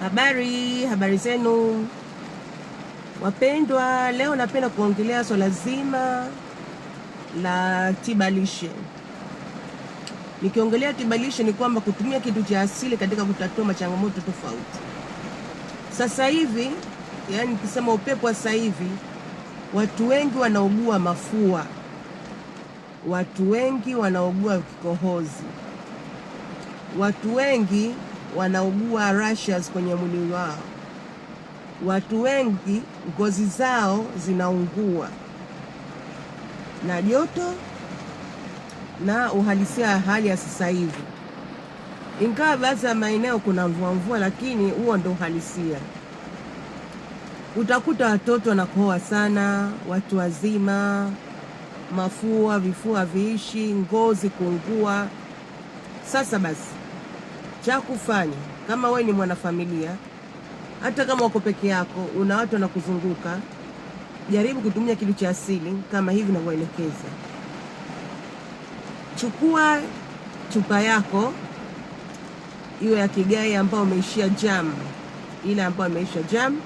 Habari, habari zenu wapendwa. Leo napenda kuongelea swala zima la tiba lishe. Nikiongelea tiba lishe, ni kwamba kutumia kitu cha asili katika kutatua machangamoto tofauti. Sasa hivi, yani nikisema upepo wa sasa hivi, watu wengi wanaugua mafua, watu wengi wanaugua kikohozi, watu wengi wanaugua rashes kwenye mwili wao. Watu wengi ngozi zao zinaungua na joto na uhalisia wa hali ya sasa hivi, ingawa baadhi ya maeneo kuna mvua mvua, lakini huo ndo uhalisia. Utakuta watoto wanakohoa sana, watu wazima, mafua, vifua viishi, ngozi kuungua. Sasa basi cha kufanya kama wewe ni mwanafamilia, hata kama uko peke yako, una watu wanakuzunguka, jaribu kutumia kitu cha asili kama hivi ninavyoelekeza. Chukua chupa yako iwe ya kigai ambayo umeishia jam, ile ambayo ameisha jam,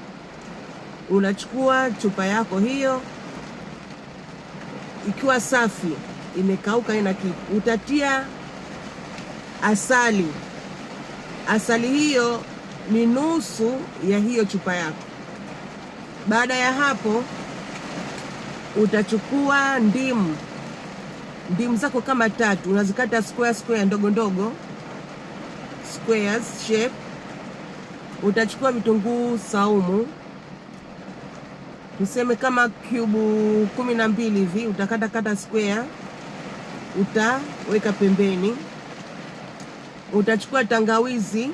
unachukua chupa yako hiyo ikiwa safi, imekauka ina kitu, utatia asali Asali hiyo ni nusu ya hiyo chupa yako. Baada ya hapo, utachukua ndimu, ndimu zako kama tatu, unazikata square square ndogo ndogo, squares shape. Utachukua vitunguu saumu, tuseme kama cube kumi na mbili hivi, utakata kata square, utaweka pembeni. Utachukua tangawizi,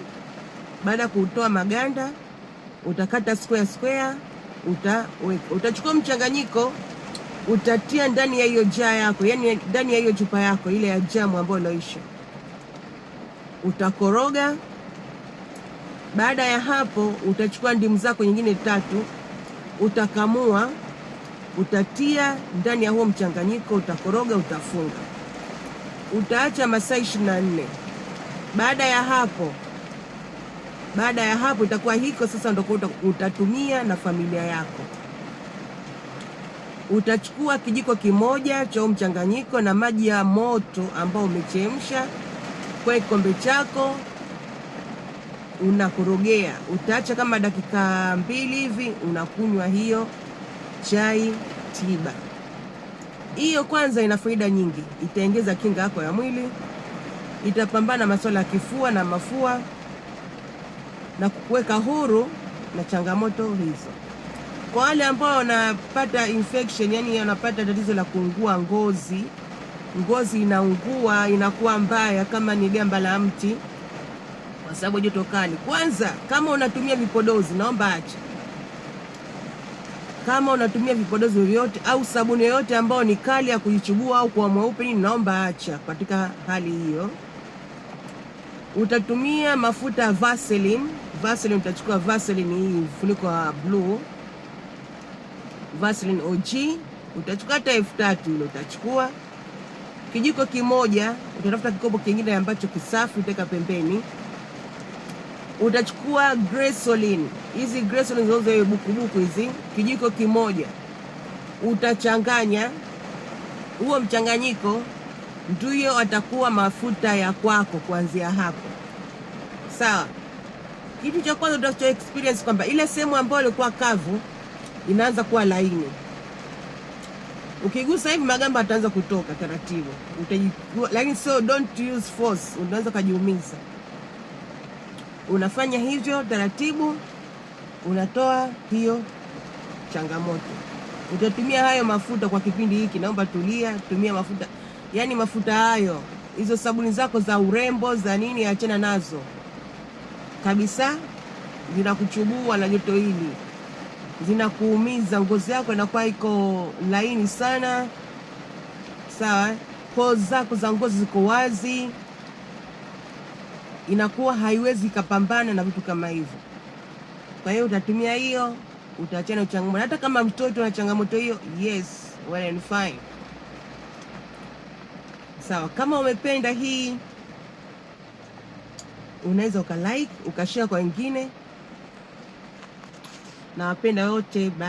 baada ya kutoa maganda utakata square square, uta, utachukua mchanganyiko utatia ndani ya hiyo jaa yako, yani ndani ya hiyo chupa yako ile ya jamu ambayo unaisha, utakoroga. Baada ya hapo, utachukua ndimu zako nyingine tatu, utakamua, utatia ndani ya huo mchanganyiko, utakoroga, utafunga, utaacha masaa ishirini na nne. Baada ya hapo, baada ya hapo itakuwa hiko sasa ndio utatumia na familia yako. Utachukua kijiko kimoja cha mchanganyiko na maji ya moto ambao umechemsha kwa kikombe chako, unakorogea. Utaacha kama dakika mbili hivi, unakunywa hiyo chai tiba. Hiyo kwanza ina faida nyingi, itaongeza kinga yako ya mwili itapambana na masuala ya kifua na mafua na kuweka huru na changamoto hizo. Kwa wale ambao wanapata infection, yani wanapata tatizo la kuungua ngozi, ngozi inaungua inakuwa mbaya kama ni gamba la mti kwa sababu joto kali. Kwanza, kama unatumia vipodozi, naomba acha. Kama unatumia vipodozi vyote au sabuni yoyote ambayo ni kali ya kujichubua au kuwa mweupe, naomba acha katika hali hiyo. Utatumia mafuta ya Vaseline. Vaseline utachukua Vaseline hii mfuniko wa blue, Vaseline OG utachukua hata elfu tatu ile utachukua kijiko kimoja, utatafuta kikopo kingine ambacho kisafi, utaweka pembeni. Utachukua Gresolin, hizi Gresolin zinazo bukubuku hizi, kijiko kimoja, utachanganya huo mchanganyiko ndiyo atakuwa mafuta ya kwako kuanzia hapo, sawa. Kitu cha kwanza utacho experience kwamba ile sehemu ambayo ilikuwa kavu inaanza kuwa laini. Ukigusa hivi magamba ataanza kutoka taratibu, lakini so don't use force, unaweza ukajiumiza. Unafanya hivyo taratibu, unatoa hiyo changamoto. Utatumia hayo mafuta kwa kipindi hiki, naomba tulia, tumia mafuta yaani mafuta hayo, hizo sabuni zako za urembo za nini, achana nazo kabisa, zinakuchubua na joto hili zinakuumiza, ngozi yako inakuwa iko laini sana, sawa. Koo zako za ngozi ziko wazi, inakuwa haiwezi ikapambana na vitu kama hivyo. Kwa hiyo utatumia hiyo, utaachana changamoto. Hata kama mtoto na changamoto hiyo, yes well and fine. Sawa, kama umependa hii unaweza ukalike ukashare kwa wengine. Nawapenda wote, bye.